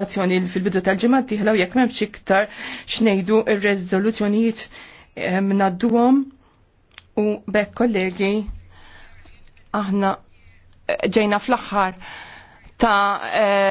azzjoni fil-bidu tal-ġimgħa tieħlaw jekk m'hemmx iktar il ir-reżoluzzjonijiet mnadduhom u bekk kollegi aħna eh, ġejna fl-aħħar ta' eh,